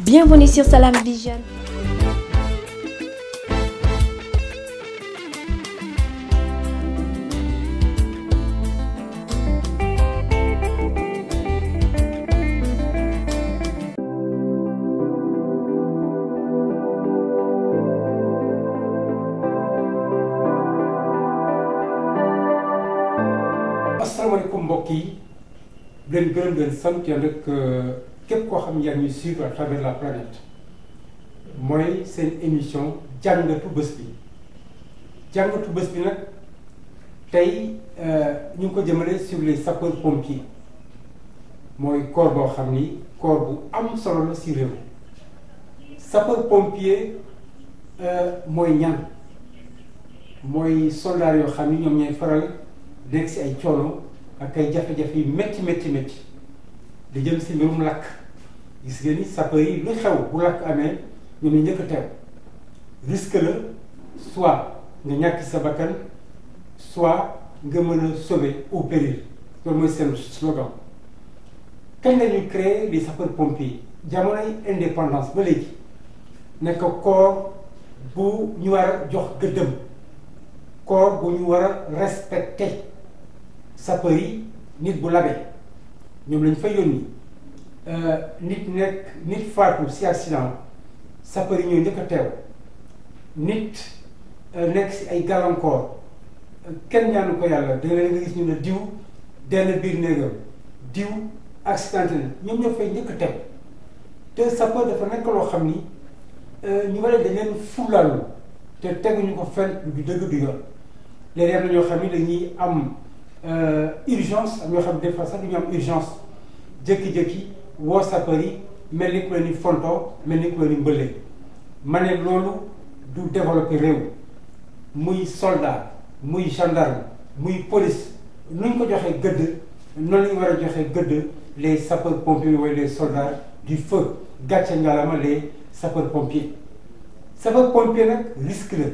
Bienvenue sur Salam Vision. asalaamaaleykum mbokk yi leen gërëm leen sant yàlla rek euh, képp koo xam ne yaa ngi suivre à travers la planète mooy seen émission jàngatu bés bi jàngatu bés bi nag tey euh, ñu ngi ko jëmale sur les sapeurs mooy corps boo xam ni corps bu am solo la si réew sapeur pompier euh, mooy ñan mooy soldaar yoo xam ni ñoom ñooy faral nekk si ay coono ak ay jafe-jafe yu métti métti métti di jëm si mbirum lakk gis ngeen ni sapeur yi lu xew bu lakk amee ñu ne njëkk a teew risque la soit nga ñàkk sa bakkan soit nga mën a sauver au péril loolu mooy seen slogan kañ la ñuy créer les sapeurs pompiers jamonoy indépendance ba léegi nekk corps bu ñu war a jox gëddëm corps bu ñu war a respecté sapeur yi nit bu labee ñoom lañ fa yónni. Euh, nit nekk nit faatu si accident sapeur yi ñoo njëkk teew nit euh, nekk si ay gàllankoor kenn ñaanu ko yàlla da nga gis ñu ne diw denn biir néegam diw accidenté na ñoom ñoo fay njëkk a teew te sapeur dafa nekk loo xam ni euh, ñu war a dañ leen fulaalu te teguñu ko fenn du dëgg du yoon léeg-léeg am ñoo xam ni dañuy am urgence am ñoo xam ne des fois sax du ñu am urgence jékki-jékki. woo sapeur yi mel ni ku leen di fonto mel ni ku leen di mbëlle ma ne loolu du développé réew muy soldat muy gendarme muy police nu ñu ko joxee gëdd noonu la ñu war a joxee gëdd les sapeurs pompiers wala les soldats du feu gàcce ngalama les sapeurs pompiers sapeurs pompiers nag risque la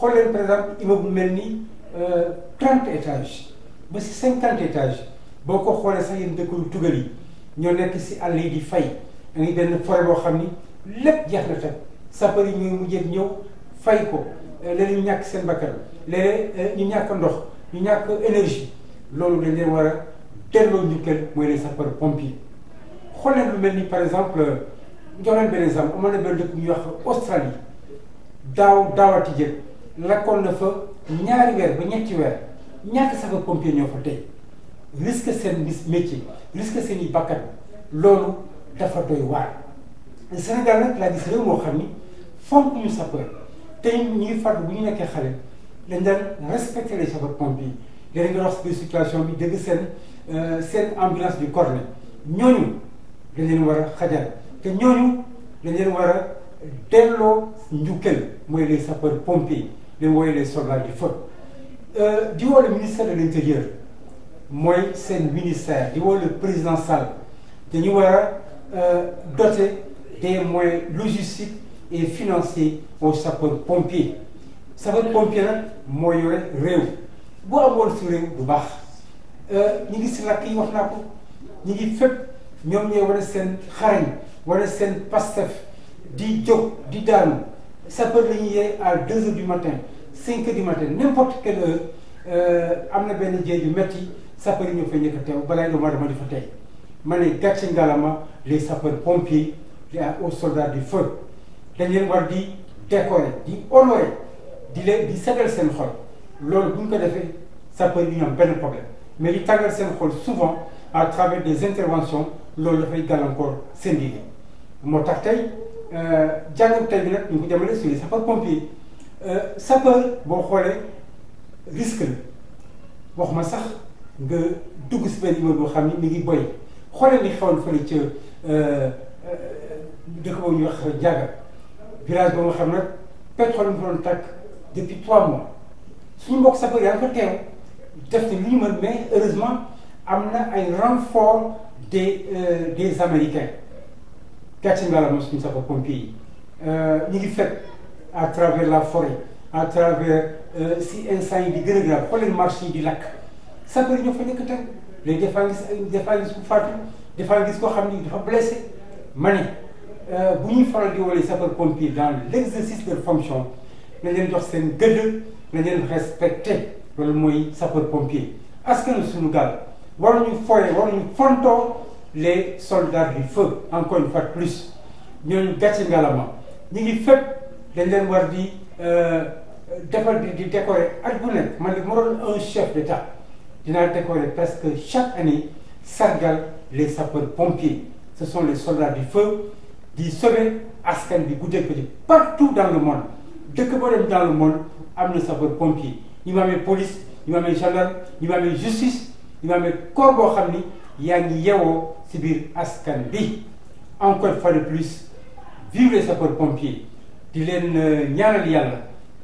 xool leen par exemple immeuble mel ni euh, trente étages ba si cinquante étages boo ko xoolee sax yéen dëkk yu yi ñoo nekk si àll yi di fay da ngay benn forêt boo xam ni lépp jeex na tam sapeur yi ñuy mujjee ñëw fay ko euh, léeg ñu ñàkk seen bakkan léeg euh, ñu ñàkk ndox ñu ñàkk énergie loolu dañ leen war a delloo njukkal mooy les sapeurs pompiers xool leen lu mel ni par exemple euh, jox leen benn exemple amoon na benn dëkk ñuy wax Australie daaw daawati jël lakkoon na fa ñaari weer ba ñetti weer ñàkk sapeurs pompiers ñoo fa tey. risque seen mis métier risque seen i bakkan loolu dafa doy waar Sénégal nag laa gis réew moo xam ni fonk ñu sapeur tey ñuy fàttali bu ñu nekkee xale dañ daan respecté les sapeurs-pompiers yi léeg-léeg nga wax bi dégg seen euh, seen ambulance du corps ñooñu dañ leen war a xajal te ñooñu dañ leen war a delloo njukkal mooy les sapeurs-pompiers yi leen wooye les soldats du feu euh, di woo le ministère de l'intérieur mooy seen ministère di woo le président Sall dañu war a euh, doter des moyens logistiques et financiers aux sapeurs-pompiers sapeurs-pompiers nag moo yore réew boo amoon su réew du baax euh, ñu ngi si lakk yi wax naa ko ñu ngi fépp ñoom war a seen xarañ wane seen pastef di jóg di daanu sapeur la ñuy yee à deux heures du matin cinq heures du matin n'importe quelle heure euh, am na benn jéey ju metti sapeur ñoo fa njëkk a teew balaa ñu war a di fa ma ne gàcce ngalama les sapeurs pompiers les aux soldats du feu dañ leen war di décorer di honorer di leen di sagal seen xol loolu bu ñu ko defee sapeur yi ñoom benn problème mais di tàggal seen xol souvent à travers des interventions loolu dafay gàllankoor seen liggéey moo tax tey euh, jàngam tey bi nag ñu ko jëmale sur les sapeurs pompiers euh, sapeur boo xoolee risque la ma sax. nga dugg si benn immeuble boo xam ni mi ngi boy xoolal li xewoon fële ca euh, euh, dëkk boobu ñuy wax Diaga village boobu xam nag pétrole mu doon tàkk depuis trois mois suñu mbokk sapeur yaa ngi ko teew def te li ñu mën mais heureusement am na ay renfort des euh, des américains gàcce nga su moom suñu sapeur pompier yi ñu ngi fekk à travers la forêt à travers si instant yi di gën a grave xoolal marché di lakk sapeur ñoo fa nekk tey léegi des fois gis ay des fois faatu des fois gis koo xam ni dafa blessé ma ne euh, bu ñuy faral di woolee sapeur pompier dans l' exercice de leur fonction nañ leen jox seen gëdd nañ leen respecté loolu mooy sapeur pompier askan suñu gaal waruñu foye waruñu fontoo les soldats du feu plus ñooñu gàcce ngalama ñi ngi fépp dañ leen war di euh, defal di décorer at bu nekk man de mu doon un chef de état dinaa décorer que chaque année sargal les sapeurs pompiers ce sont les soldats du feu di sauver askan bi guddeeg bëccëg partout dans le monde dëkk boo dem dans le monde am na sapeur pompier ñu ma amee police ñu ma amee gendarme ñu ma amee justice ñu ma amee corps boo xam ni yaa ngi yewoo si biir askan bi encore une fois plus vive les sapeurs pompiers di leen euh, ñaanal yàlla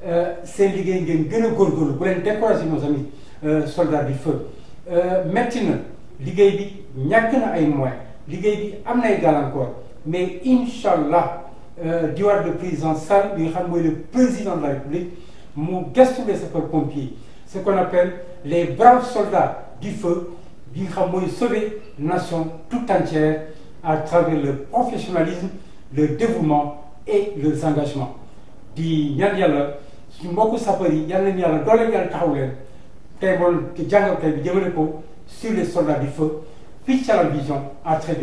euh, seen liggéey ngeen gën a góorgóorlu bu leen découragé nos Euh, soldat du feu euh, métti na liggéey bi ñàkk ay moyens liggéey bi am nay gàllankoor mais incha allah euh, war de président Sall bi nga xam mooy le président de la république mu gëstu les sapeurs-pompiers ce qu'on appelle les braves soldats di feu bi nga xam mooy sauver nation tout entière à travers le professionnalisme le dévouement et les engagements di ñaan yàlla suñu mbokku sapeurs yi yal nañu yàlla doole yàlla taxaw leen tey moom ki jàngat bi jëmale ko sur les soldats du feu fii ci Salam Vision à très